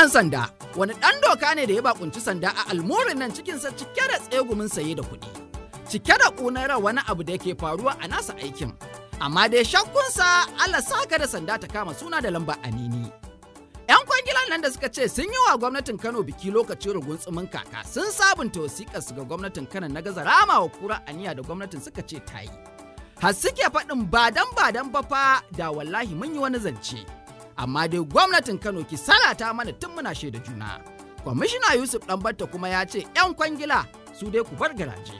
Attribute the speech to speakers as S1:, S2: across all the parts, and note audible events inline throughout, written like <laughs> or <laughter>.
S1: ɗan sanda wani ɗan doka ne da ya bakunci sanda a almurin nan cikinsa cike da tsegumin saye da kuɗi cike da ƙunar wani abu da yake faruwa a nasa aikin amma dai shakkunsa Allah saka da sanda ta kama suna da lamba anini. yan kwangilan nan da suka ce sun yi wa gwamnatin Kano biki lokacin rugun tsumin kaka sun sabunta wasiƙar su ga gwamnatin Kano na gaza rama wa kura aniya da gwamnatin suka ce ta yi har suke faɗin badan badan ba fa da wallahi mun yi wani zance amma dai gwamnatin Kano ki sarata mana tun muna shaida juna. Kwamishina Yusuf Ɗanbatta kuma ya ce 'yan kwangila su dai ku bar garaje.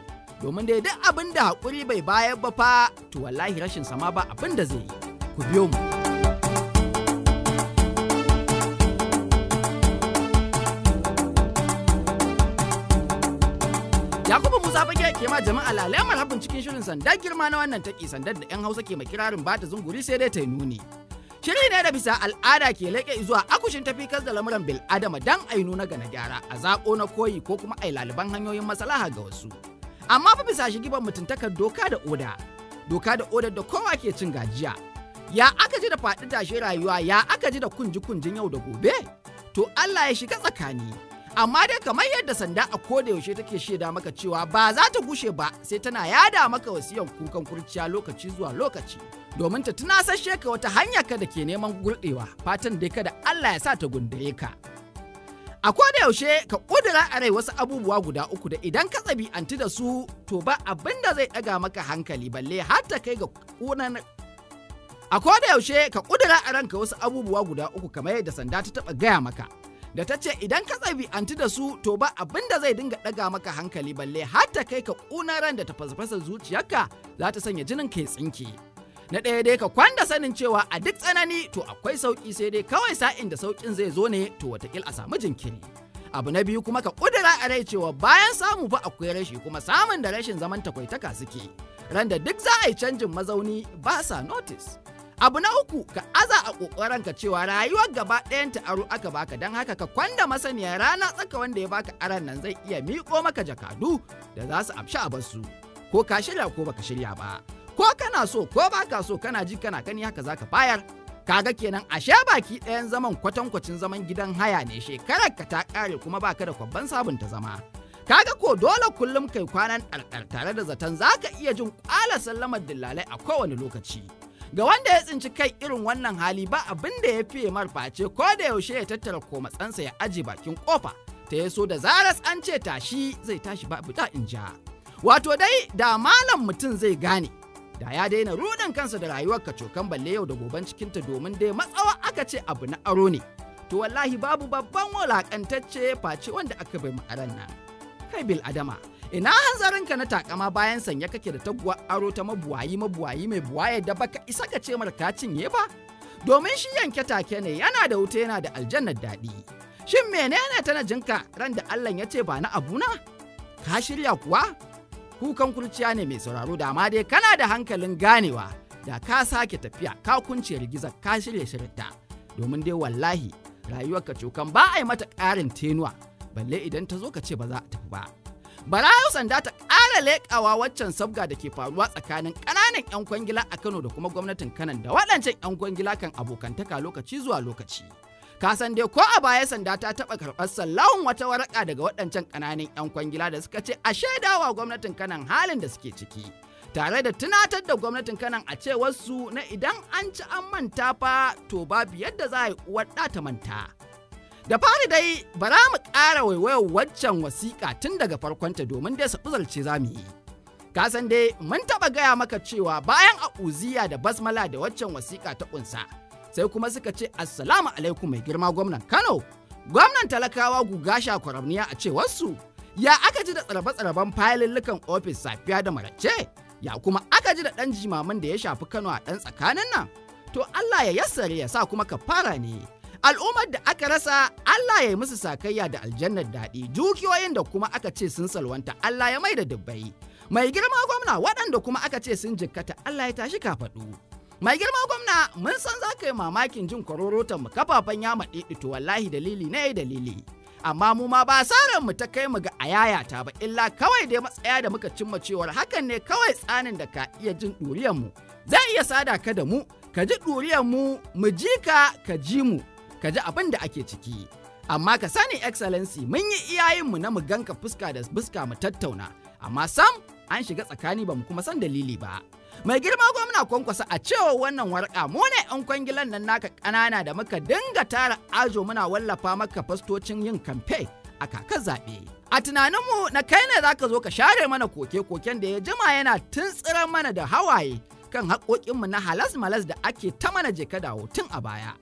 S1: Domin dai duk abin da haƙuri bai bayar ba fa to wallahi rashin sama ba abin da zai yi. Ku biyo mu. Yakubu Musa fage ke ma jama'a lalemar habin cikin shirin sandar girma na wannan taƙi sandar da 'yan Hausa ke ma kirarin bata zunguri sai dai ta yi nuni. Shiri ne da bisa al'ada ke laƙe zuwa akushin tafikar da lamuran bil'adama don a yi nuna ga na gyara a zaƙo na koyi ko kuma a yi laliban hanyoyin maslaha ga wasu. Amma fa bisa shigiban mutuntakar doka da oda. Doka da oda da kowa ke cin gajiya. Ya aka ji da faɗi tashe rayuwa ya aka ji da kunji kunjin yau da gobe? To Allah ya shiga tsakani. amma dai kamar yadda sanda a koda yaushe take shaida maka cewa ba za ta gushe ba sai tana yada maka wasiyan kukan kurciya lokaci zuwa lokaci domin ta tunasashe ka wata hanya ka da ke neman gurɗewa fatan dai kada Allah ya sa ta gundare ka a koda yaushe ka kudura a rai wasu abubuwa guda uku da idan ka tsabi anti da su to ba abin da zai ɗaga maka hankali balle har ta kai ga kunan a koda yaushe ka ƙudira a ranka wasu abubuwa guda uku kamar yadda sanda ta taɓa gaya maka da ta ce idan ka tsabi'anti da su to ba abin da zai dinga ɗaga maka hankali balle har ta kai ka ƙuna ran da ta fasfasa zuciyarka za ta sanya jinin kai tsinki. Na ɗaya dai ka kwanda sanin cewa a duk tsanani to akwai sauƙi sai dai kawai sa'in da saukin zai zo ne to watakil a samu jinkiri. Abu na biyu kuma ka ƙudira a rai cewa bayan samu fa akwai rashi kuma samun da rashin zaman takwaitaka suke. randa duk za a yi canjin mazauni ba sa notice. abu na uku ka aza a kokarin ka cewa rayuwar gaba ɗayan ta aro aka baka don haka ka kwanda masaniya rana tsaka wanda ya baka aran nan zai iya miƙo maka jakadu da za su amshi a basu ko ka shirya ko baka shirya ba ko kana so ko baka so kana ji kana kani haka zaka bayar kaga kenan ashe baki ɗayan zaman kwatankwacin zaman gidan haya ne shekarar ka ta ƙare kuma baka da kwabban sabunta zama kaga ko dole kullum kai kwanan ɗarɗar tare da zaton zaka iya jin ƙwala sallamar dillalai a kowane lokaci Ga wanda ya tsinci kai irin wannan hali ba abin da ya fiye marface ko da yaushe ya tattara ko matsansa ya aje bakin kofa ta ya so da zaras an ce tashi zai tashi ba fita in ja. Wato dai da malam mutum zai gane da ya daina rudin kansa da rayuwar kacokan balle yau da goban cikinta domin dai matsawa aka ce abu na aro ne. To wallahi babu babban wulakantacce face wanda aka bai ma'aran nan. Kai bil Adama, ina ka na takama bayan sanya kake da taguwar aro ta mabuwayi mabuwayi mai buwaye da baka isa ka ce ka cinye ba domin shi yanke take ne yana da wuta yana da aljannar daɗi shin menene tanajinka ran da allah ya ce ba na abuna ka shirya kuwa kukan kurciya ne mai sauraro da ma dai kana da hankalin ganewa da ka sake tafiya ka kunce rigizar ka shirya shirinta domin dai wallahi rayuwar ka cokan ba a yi mata ƙarin tenuwa balle idan ta zo ka ce ba za a tafi ba bara yau sanda ta ƙara leƙawa waccan sabga da ke faruwa tsakanin ƙananan 'yan kwangila a kano da kuma gwamnatin kanan da waɗancan 'yan kwangila kan abokantaka lokaci zuwa lokaci kasan dai ko a baya sanda ta taɓa karɓar sallahun wata waraka daga waɗancan ƙananan 'yan kwangila da suka ce a shaidawa gwamnatin kanan halin da suke ciki tare da tunatar da gwamnatin kanan a cewar su na idan an ci an manta fa to babu yadda za a yi uwar ta manta. Da fari dai bara mu ƙara waiwayar waccan wasiƙa tun daga farkonta domin dai safizarce za mu yi. Kasan dai mun taɓa gaya maka cewa bayan a uziya da basmala da waccan wasiƙa ta ƙunsa sai kuma suka ce assalamu alaikum mai girma gwamnan Kano. Gwamnan talakawa gugasha kwaramniya a cewarsu ya aka ji da tsarabe-tsaraben fayilillukan ofis safiya da marace ya kuma aka ji da ɗan jimamin da ya shafi Kano a ɗan tsakanin nan. To Allah ya yassare ya sa kuma ka fara ne. al'ummar da aka rasa Allah ya yi musu sakayya da aljannar daɗi dukiyoyin da kuma aka ce sun salwanta Allah ya mai da dubbai mai girma gwamna waɗanda kuma aka ce sun jikkata Allah ya tashi kafaɗu mai girma gwamna mun san za ka yi mamakin jin kwarorotan mu kafafen ya maɗi to wallahi dalili na yi dalili amma mu ma ba saran mu ta kai mu ga ayayata ba illa kawai dai matsaya da muka cimma cewar hakan ne kawai tsanin da ka iya jin ɗuriyar mu zai iya sada ka da mu ka ji ɗuriyar mu mu ji ka ka ji mu ka ji abin da ake ciki. Amma ka sani excellency mun yi iyayenmu na mu ganka fuska da fuska mu tattauna, amma sam an shiga tsakani ba mu kuma san dalili ba. Mai girma gwamna kwankwasa a cewa wannan warka mu ne ‘yan kwangilan nan naka ƙanana da muka dinga tara ajo muna wallafa maka fastocin yin kamfe a kakar zaɓe. A tunaninmu na kai ne za ka zo ka share mana koke-koken da ya jima yana tuntsirar mana da hawaye kan haƙoƙinmu na halas-malas da ake ta mana jeka da tun a baya.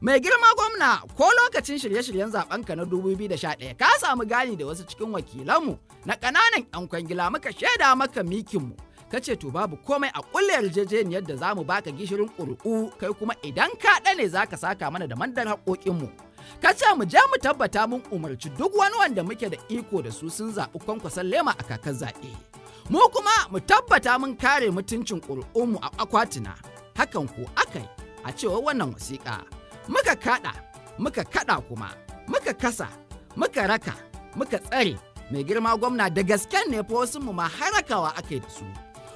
S1: mai girma gwamna ko lokacin shirye-shiryen zaben ka na 2011 ka samu gani da wasu cikin wakilanmu na kananan 'yan kwangila muka shaida maka mikinmu ka ce to babu komai a kulle yarjejeniyar da za mu baka gishirin ƙuri'u kai kuma idan ka ɗane za ka saka mana da mandar haƙoƙinmu ka ce mu je mu tabbata mun umarci duk wani wanda muke da iko da su sun zaɓi kwankwasan lema a kakar zaɓe mu kuma mu tabbata mun kare mutuncin ƙuri'unmu a akwatina hakan ko akai a cewar wannan wasiƙa muka kaɗa muka kaɗa kuma muka kasa muka raka muka tsare mai girma gwamna da gasken ne fa wasu mu ma harakawa aka yi da su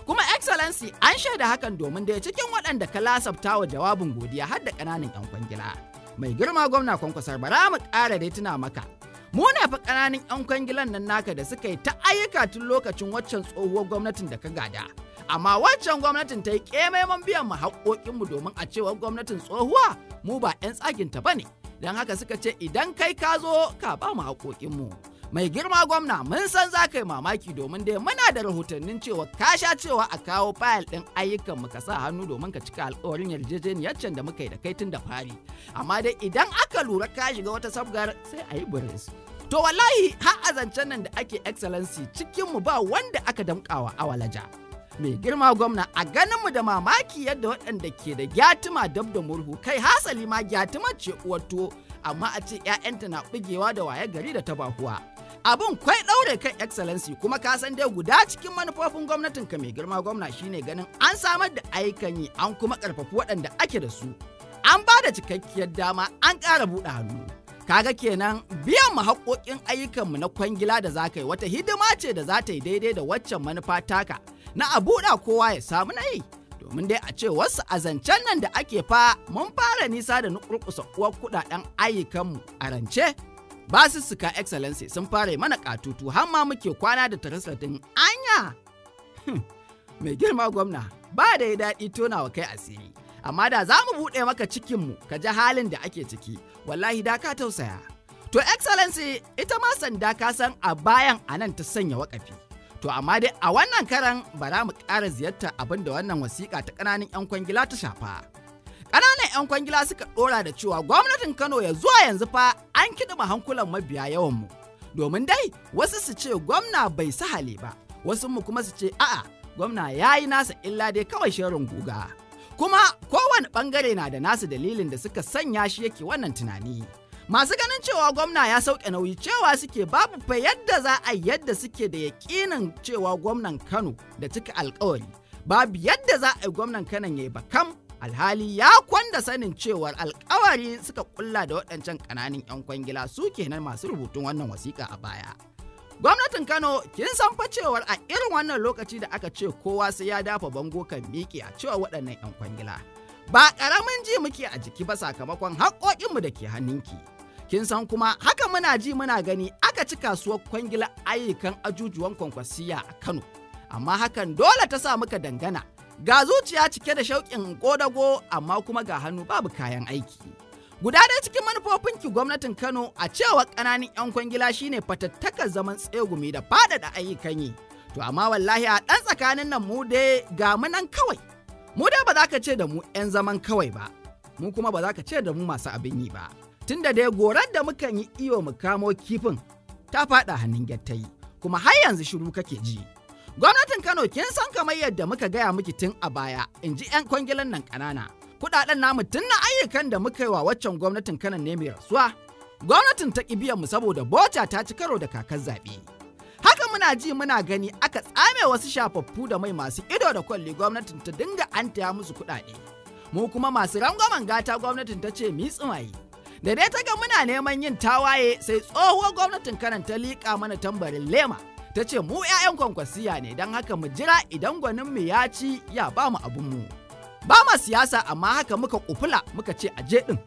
S1: kuma excellency an shaida hakan domin da cikin waɗanda ka lasafta wa jawabin godiya har da ƙananan 'yan kwangila mai girma gwamna kwankwasar bara mu ƙara dai tuna maka mu na fa ƙananan 'yan kwangilan nan naka da suka yi ta ayyuka tun lokacin waccan tsohuwar gwamnatin da ka gada amma waccan gwamnatin ta yi ƙemaiman biyan mu haƙoƙinmu domin a cewar gwamnatin tsohuwa mu ba 'yan tsaginta ba ne don haka suka ce idan kai ka zo ka ba mu haƙoƙinmu mai girma gwamna mun san za ka yi mamaki domin dai muna da rahotannin cewa ka sha cewa a kawo fayil ɗin ayyukan mu ka sa hannu domin ka cika alƙawarin yarjejeniyar can da muka yi da kai tun da fari amma dai idan aka lura ka shiga wata sabgar sai a yi burinsu To wallahi har a zancen nan da ake excellency cikinmu ba wanda aka damƙawa awalaja. mai girma gwamna a ganinmu da mamaki yadda waɗanda ke da gyatuma dab da murhu kai hasali ma gyatuma ce uwar tuwo amma a ce 'ya'yanta na bugewa da waye gari da tabahuwa abin kwai ɗaure kan excellency kuma ka san dai guda cikin manufofin gwamnatin ka mai girma gwamna shine ganin an samar da ayyukan yi an kuma ƙarfafi waɗanda ake da su an ba da cikakkiyar dama an ƙara buɗe hannu kaga kenan biyan mu haƙoƙin ayyukanmu na kwangila da za ka yi wata hidima ce da za ta yi daidai da waccan manufa taka na a buɗa kowa ya samu na yi. Domin dai a ce wasu azancen nan da ake fa mun fara nisa da nukurkusa uwar kuɗaɗen ayyukanmu a rance. ba Basussuka Excellency sun fara mana katutu har ma muke kwana da tarasatin anya. Hmm, mai girma gwamna ba da ya daɗi tona wa kai asiri. Amma da za mu buɗe maka cikinmu ka ji halin da ake ciki, wallahi da ka tausaya. To Excellency ita ma sanda ka san a bayan anan ta sanya wakafi. To amma dai a wannan karan bara mu ƙara ziyarta abin da wannan wasiƙa ta ƙananan 'yan kwangila ta shafa. Ƙananan 'yan kwangila suka ɗora da cewa gwamnatin Kano ya zuwa yanzu fa an kiɗima hankulan mabiya yawanmu. Domin dai wasu su ce gwamna bai sahale ba, wasu mu kuma su ce a'a gwamna ya yi nasa illa dai kawai shirin guga. Kuma kowane ɓangare na da nasu dalilin da suka sanya shi yake wannan tunani. masu ganin cewa gwamna ya sauke nauyi cewa suke babu fa yadda za a yadda suke da yakinin cewa gwamnan kano da cika alkawari babu yadda za a yi gwamnan kanon ya yi bakam alhali ya kwanda sanin cewar alkawari suka kulla da waɗancan ƙananan 'yan kwangila su kenan masu rubutun wannan wasiƙa a baya gwamnatin kano kin san fa cewar a irin wannan lokaci da aka ce kowa sai ya dafa bango kan miƙe a cewa waɗannan 'yan kwangila ba ƙaramin ji muke a jiki ba sakamakon haƙoƙinmu da ke hannunki. kin san kuma haka muna ji muna gani aka ci kasuwar kwangila ayyukan ajujuwan kwankwasiya a kano amma hakan dole ta sa muka dangana ga zuciya cike da shauƙin ƙodago amma kuma ga hannu babu kayan aiki guda ɗaya cikin manufofin ki gwamnatin kano a cewa ƙananan 'yan kwangila shine fatattakar zaman tsegumi da faɗaɗa ayyukan yi to amma wallahi a ɗan tsakanin nan mu dai ga mu nan kawai mu dai ba za ka ce da mu 'yan zaman kawai ba mu kuma ba za ka ce da mu masu abin yi ba. Tun da dai gorar da mukan yi iyo mu kamo kifin ta faɗa hannun gyattayi kuma har yanzu shiru kake ji gwamnatin kano kin san kamar yadda muka gaya miki tun a baya in ji 'yan kwangilan nan ƙanana kuɗaɗen namu tun na ayyukan da muka yi wa waccan gwamnatin kanan ne mai rasuwa gwamnatin ta mu saboda bota ta ci karo da kakar zaɓe haka muna ji muna gani aka tsame wasu shafaffu da mai masu ido da kwalli gwamnatin ta dinga antaya musu kuɗaɗe mu kuma masu rangwamen gata gwamnatin ta ce mi tsimaye da dai ta ga muna neman yin tawaye sai tsohuwar gwamnatin kanan ta liƙa mana tambarin lema ta ce mu 'ya'yan kwankwasiya ne don haka mu jira idan gwanin mu ya ci ya ba mu abinmu ba ma siyasa amma haka muka kufula muka ce aje ɗin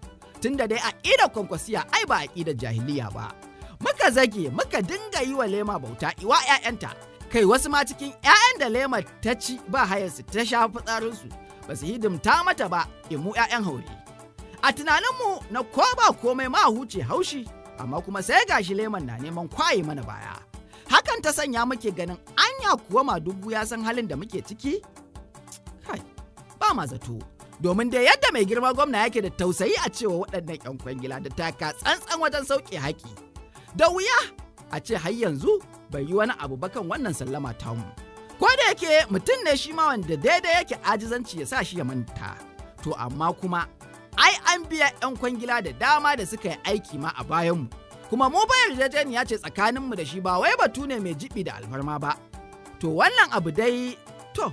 S1: tunda dai a ƙidar kwankwasiya ai ba a ƙidar jahiliya ba muka zage muka dinga yi wa lema bauta iwa 'ya'yanta kai wasu ma cikin 'ya'yan da lema ta ci ba hayarsu ta sha fitsarinsu ba su hidimta mata ba mu 'ya'yan haure A tunaninmu na koba ba komai ma huce haushi, amma kuma sai gashi leman na neman kwaye mana baya. Hakan ta sanya muke ganin anya kuwa ma dubu ya san halin da muke ciki? Kai, ba ma zato. Domin dai yadda mai girma gwamna yake da tausayi a cewa waɗannan 'yan kwangila da taka tsantsan wajen sauƙi haƙi. Da wuya a ce har yanzu bai yi wani abu ba kan wannan sallama mu. Ko da yake mutum ne shi ma wanda daidai yake ajizanci ya sa shi ya manta. To amma kuma ai an biya 'yan kwangila da dama da suka yi aiki ma a bayanmu kuma mu ba yarjejeniya ce tsakaninmu da shi ba wai batu ne mai jibi da alfarma ba to wannan abu dai to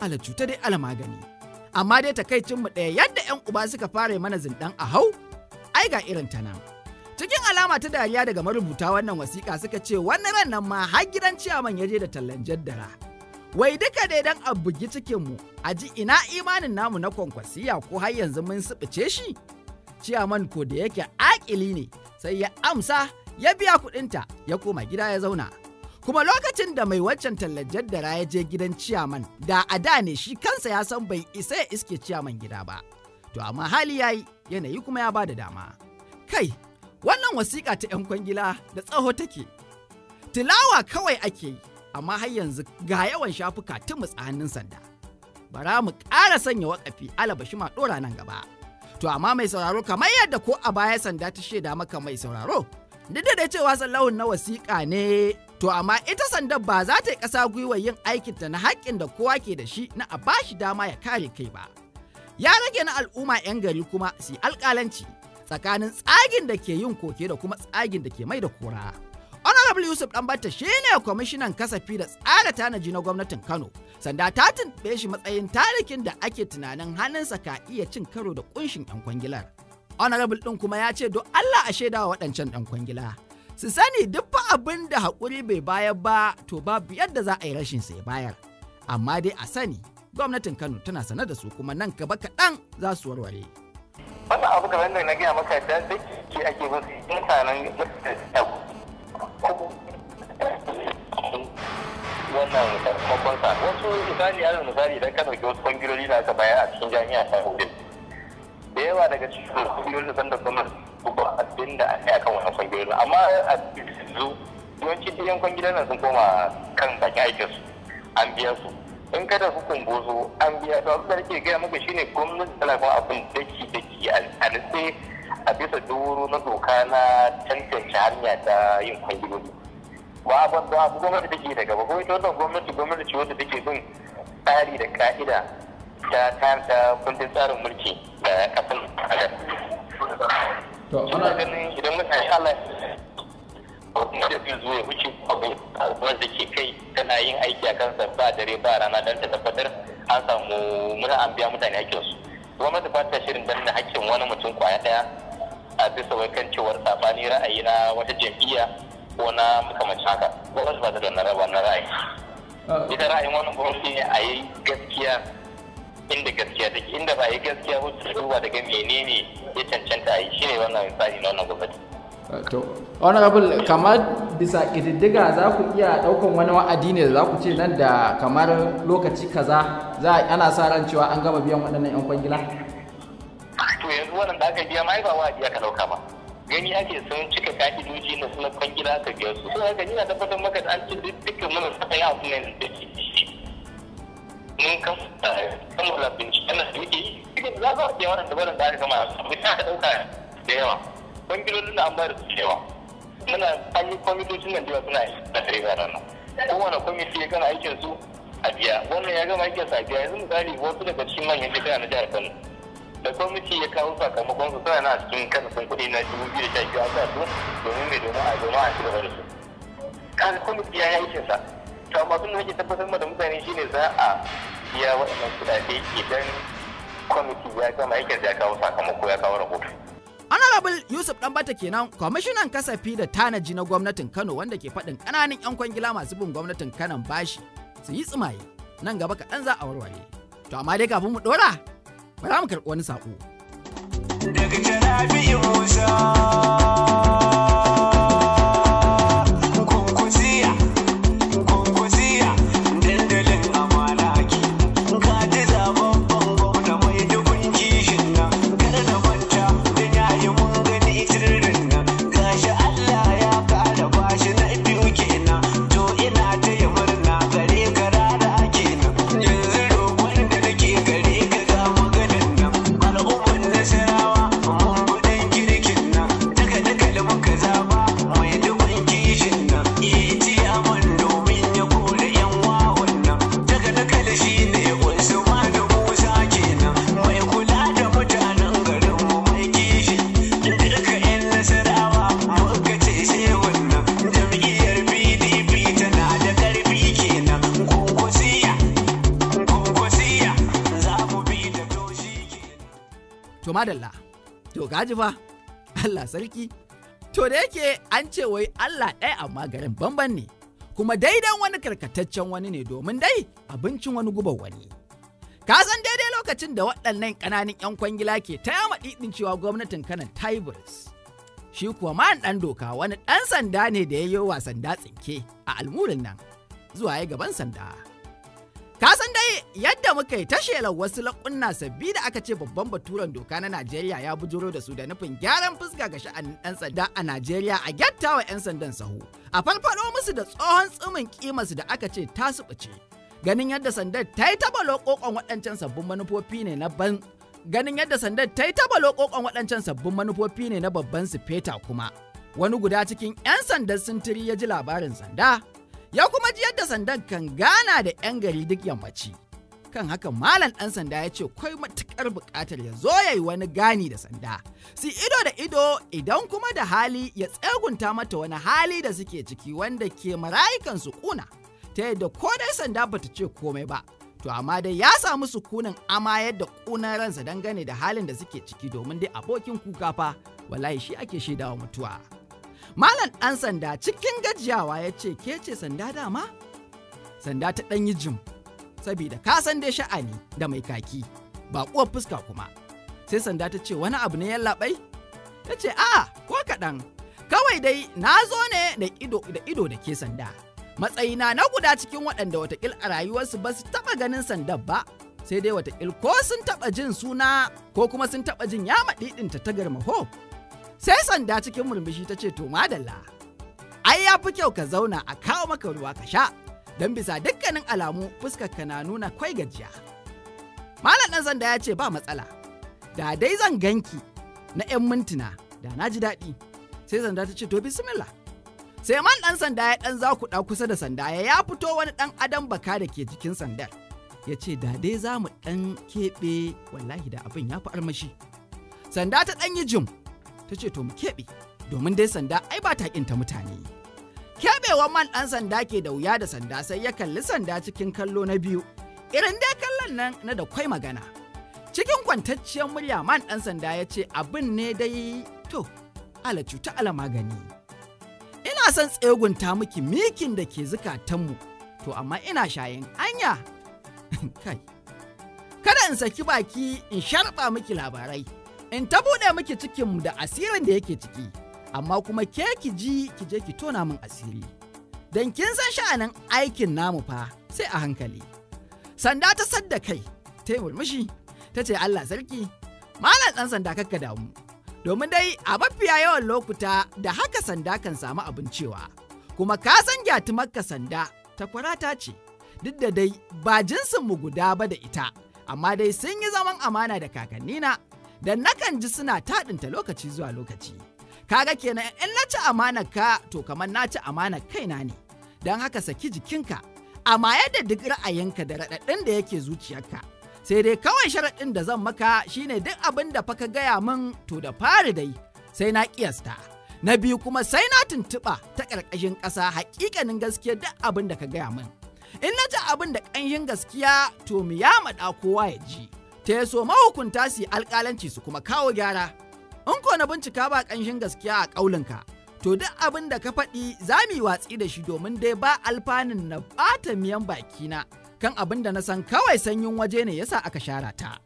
S1: ala cuta dai ala magani amma dai takaicinmu ɗaya yadda 'yan uba suka fara mana zindan a hau ai ga irin ta nan cikin alama ta dariya daga marubuta wannan wasiƙa suka ce wani ran nan ma har gidan ciyaman ya je da tallan jaddara Wai duka dai don a bugi cikinmu a ji ina imanin namu na kwankwasiya ko har yanzu mun siɓice shi? Ciyaman ko da yake akili ne sai ya amsa ya biya kuɗinta ya koma gida ya zauna. Kuma lokacin da mai waccan tallar jaddara ya je gidan ciyaman da a da ne shi kansa ya san bai isa ya iske ciyaman gida ba. To amma hali ya yi yanayi kuma ya bada dama. Kai, wannan wasiƙa ta 'yan kwangila da tsaho take. Tilawa kawai ake yi. amma har yanzu ga yawan shafuka tumus a hannun sanda bara mu ƙara sanya wakafi alabashi ma ɗora nan gaba to amma mai sauraro kamar yadda ko a baya sanda ta shaida maka mai sauraro duk da cewa sallahun na wasiƙa ne to amma ita sandan ba za ta yi ƙasa gwiwa yin aikin ta na haƙƙin da kowa ke da shi na a bashi dama ya kare kai ba ya rage na al'umma 'yan gari kuma su alƙalanci tsakanin tsagin da ke yin koke da kuma tsagin da ke mai da kora. Honorable Yusuf shi ne kwamishinan kasafi da tsara tanaji na gwamnatin Kano. Sanda ta tuntuɓe shi matsayin tarikin da ake tunanin hannunsa ka iya cin karo da kunshin 'yan kwangilar. Honorable ɗin kuma ya ce do Allah a shaida wa waɗancan ɗan kwangila. Su sani duk fa abin da haƙuri bai bayar ba to babu yadda za a yi rashin sai bayar. Amma dai a sani gwamnatin Kano tana sanar da su kuma nan gaba kaɗan za su warware.
S2: Wannan abu kamar na gaya maka da ke ake musu mutanen wannan sakamakon sa wasu misali alal misali idan ka dauki wasu kwangiloli da aka bayar a cikin jami'a ta hudun da yawa daga cikin kwangiloli da da gwamnati ba abin da aka yi akan wannan kwangiloli amma a yanzu yawancin ɗiyan kwangilan nan sun koma kan bakin aikinsu an biya su in ka kada hukun bozo an biya to abin da ke gaya muku shine gwamnati tana kuma abin daki daki a nutse a bisa doro na doka na tantance hanya ta yin kwangiloli ba ban ba gwamnati take da ba kuma ita wannan gwamnati gwamnati ce wanda take bin tsari da ka'ida ta ta kundin tsarin mulki da kasan adam ana ganin idan mutane Allah da fi zuwa ya wuce abu da ke kai tana yin aiki a kansa ba dare ba rana dan ta tabbatar an samu muna an biya mutane hakkinsu gwamnati ba ta shirin danna hakkin wani mutum kwaya daya a bisa wai kan cewar sabani ra'ayi na wata jam'iyya ko na makamancin haka gwamnati ba ta da naraba na ra'ayi ita ra'ayin wani gwamnati ne a yi gaskiya inda gaskiya take inda ba a yi gaskiya ko su duba daga menene ya cancanta a yi shi ne wannan misali na wannan gwamnati
S1: uh, to honorable kamar bisa ƙididdiga za ku iya ɗaukan wani wa'adi ne da za ku ce nan da kamar lokaci kaza za a ana sa ran cewa an gama biyan waɗannan 'yan kwangila
S2: to yanzu wannan da aka biya ma ba wa'adi aka ɗauka ba gani ake sun cika ka'idoji na suna kwangila ka biya su suna gani na tabbatar maka da an ci dukkan mana saka ya abu ne da ke mun kan kammala bincike na da muke cikin za ka iya wannan dabarar da aka gama abu ta ɗauka da yawa kwangilolin da an bayar su yawa muna an kwamitocin nan jiwa suna yi na tare da nan kowane kwamiti ya gama aikin su a biya wannan ya gama aikin sa biya yanzu misali wasu daga cikin manyan jikana na jihar kano da kwamiti ya kawo sakamakon su suna na cikin kasafin kuɗi na dubu biyu da sha biyu a sa su domin mai domin a domin a cigaba da su kan kwamiti ya yi sa, to amma da nake tabbatar da mutane shine za a biya waɗannan kuɗaɗe idan kwamiti ya gama aikin ya kawo sakamako ya kawo rahoto.
S1: Honorable Yusuf Ɗanbata kenan kwamishinan kasafi da tanaji na gwamnatin Kano wanda ke faɗin ƙananan 'yan kwangila masu bin gwamnatin Kanan bashi su yi tsimaye nan gaba kaɗan za a warware. To amma dai kafin mu ɗora za mu karɓi wani saƙo.
S2: Daga biyu Musa.
S1: to madalla to gaji fa Allah sarki to da yake an ce wai Allah ɗaya amma garin bamban ne kuma daidai wani karkataccen wani ne domin dai abincin wani guba wani ka san daidai lokacin da waɗannan ƙananan 'yan kwangila ke ta yama ɗiɗin cewa gwamnatin kanan tibers shi kuwa man ɗan doka wani ɗan sanda ne da ya yi wasan tsinke a almurin nan zuwa ya gaban sanda. Ka san dai yadda muka yi ta shelar wasu laƙunna sabbi da aka ce babban baturen doka na Najeriya ya bujuro da su da nufin gyaran fuska ga sha'anin ɗan sanda a Najeriya a gyatta wa 'yan sandan sahu. A farfaɗo musu da tsohon tsumin kimarsu da aka ce ta suɓace. Ganin yadda sandar ta yi taɓa lokokon waɗancan sabbin manufofi ne na ban ganin yadda sandar ta yi taɓa lokokon waɗancan sabbin manufofi ne na babban feta kuma. Wani guda cikin 'yan sandar sintiri ya ji labarin sanda ya kuma ji yadda sandan kan gana da 'yan gari duk yammaci. Kan haka malam ɗan sanda ya ce kwai matuƙar buƙatar ya zo ya yi wani gani da sanda. Si ido da ido idan kuma da hali ya tsegunta mata wani hali da suke ciki wanda ke marayukan su kuna. Ta yadda ko dai sanda bata ce komai ba. To amma dai ya samu sukunin amayar yadda ƙunan ransa dangane da halin da suke ciki domin dai abokin kuka fa wallahi shi ake shaidawa mutuwa. Malam ɗan sanda cikin gajiyawa ya ce ke ce sanda dama? Sanda ta ɗan yi jim, saboda ka san dai sha'ani da mai kaki, ba kuwa fuska kuma. Sai sanda ta ce wani abu ne ya laɓai? Ta ce a ko kaɗan, kawai dai na zo ne da ido da ido da ke sanda. Matsayina na guda cikin waɗanda watakil a rayuwarsu ba su taɓa ganin sandan ba, sai dai watakil ko sun taɓa jin suna ko kuma sun taɓa jin ya maɗiɗinta ta garmaho. sai sanda cikin murmushi ta ce to madalla ai ya fi kyau ka zauna a kawo maka ruwa ka sha don bisa dukkanin alamu fuskar ka na nuna kwai gajiya malam ɗan sanda ya ce ba matsala da dai zan ganki na 'yan mintuna da na ji daɗi sai sanda ta ce to bismillah sai man ɗan sanda ya ɗan za ku ɗa kusa da sanda ya ya fito wani ɗan adam baka da ke jikin sandar ya ce da dai za mu ɗan keɓe wallahi da abin ya fi armashi sanda ta ɗan yi jim ta ce to mu keɓe domin dai sanda ai ba ta ƙinta mutane. Keɓewan man ɗan sanda ke da wuya da sanda sai ya kalli sanda cikin kallo na biyu irin dai kallon nan na da kwai magana. Cikin kwantacciyar murya man ɗan sanda ya ce abin ne dai to ala cuta ala magani. Ina son tsegunta miki mikin da ke zukatanmu to amma ina shayin anya <laughs> kai. Kada in saki baki in sharɓa miki labarai. in ta buɗe miki cikinmu da asirin da yake ciki amma kuma ke ki ji ki je ki tona min asiri don kin san sha'anin aikin namu fa sai a hankali sanda ta sadda kai ta yi murmushi ta ce allah sarki malam ɗan sanda kakka damu domin dai a mafiya yawan lokuta da haka sanda kan samu abin cewa kuma ka san gyatumarka sanda ta kwarata ce duk da dai ba jinsinmu guda ba da ita amma dai sun yi zaman amana da kakannina da nakan ji suna taɗinta lokaci zuwa lokaci. Kaga kenan in na ci amana ka to kamar na ci amana kaina ne, don haka saki jikinka, amma yadda duk ra'ayinka da raɗaɗin da yake zuciyarka. Sai dai kawai sharaɗin da zan maka shine duk abin da fa gaya min to da fari dai sai na kiyasta. Na biyu kuma sai na tuntuɓa ta ƙarƙashin ƙasa haƙiƙanin gaskiya duk abin da ka gaya min. In na ji abin da ƙanshin gaskiya to mu ya maɗa kowa ya ji. ta so mahukunta su alƙalanci su kuma kawo gyara in ko na bincika ba ƙanshin gaskiya a ƙaulinka to duk abin da ka faɗi za mu yi watsi da shi domin dai ba alfanun na bata miyan baki na kan abin da na san kawai sanyin waje ne yasa aka shara ta.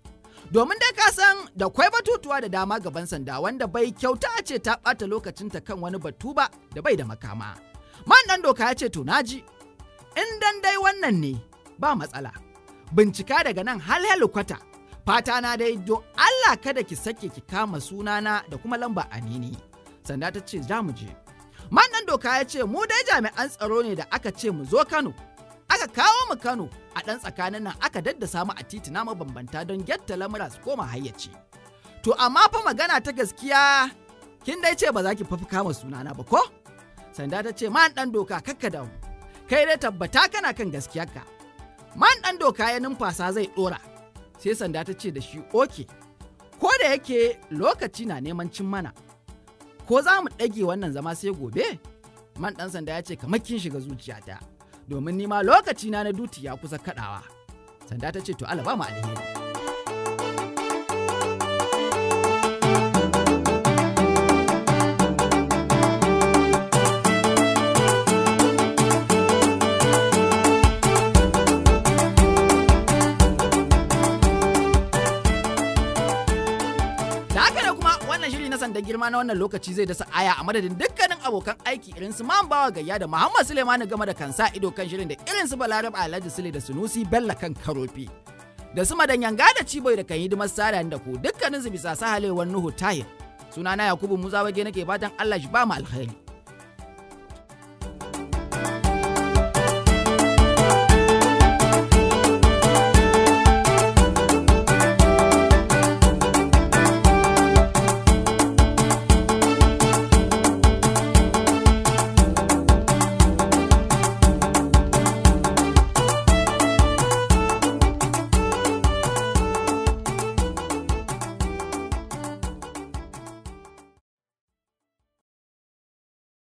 S1: domin dai ka san da kwai batutuwa da dama gaban sanda wanda bai kyauta ce ta ɓata lokacinta kan wani batu ba da bai da makama. Man ɗan doka ya ce to naji, in dan dai wannan ne ba matsala, bincika daga nan har helikwata fata na dai don Allah kada ki sake ki kama sunana da kuma lamba nini sanda ta ce za mu je man dan doka ya ce mu dai jami'an tsaro ne da aka ce mu zo Kano aka kawo mu Kano a ɗan tsakanin nan aka dadda samu a titina mabambanta don gyatta lamura su koma hayyaci to amma fa magana ta gaskiya kin dai ce ba za ki fafi kama sunana ba ko sanda ta ce man dan doka kakka da kai dai tabbata kana kan gaskiyarka man dan doka ya numfasa zai ɗora. sai sanda ta ce da shi oke ko da yake lokaci na neman cin mana ko za mu ɗage wannan zama sai gobe man ɗan sanda ya ce kamar kin shiga zuciyata domin nima lokaci na na duti ya kusa kaɗawa sanda ta ce to ba mu alheri girma na wannan lokaci zai dasa aya a madadin dukkanin abokan aiki irin su man bawa gayya da Muhammad Suleimani game da kansa ido kan shirin da irin su Balarab Alhaji Sule da Sunusi Bello kan Karofi. Da su madanyanga da ciboi da kan hidimar sada da ku dukkanin su bisa sahalewar Nuhu Tahir. Sunana Yakubu Musa nake fatan Allah shi ba mu alkhairi.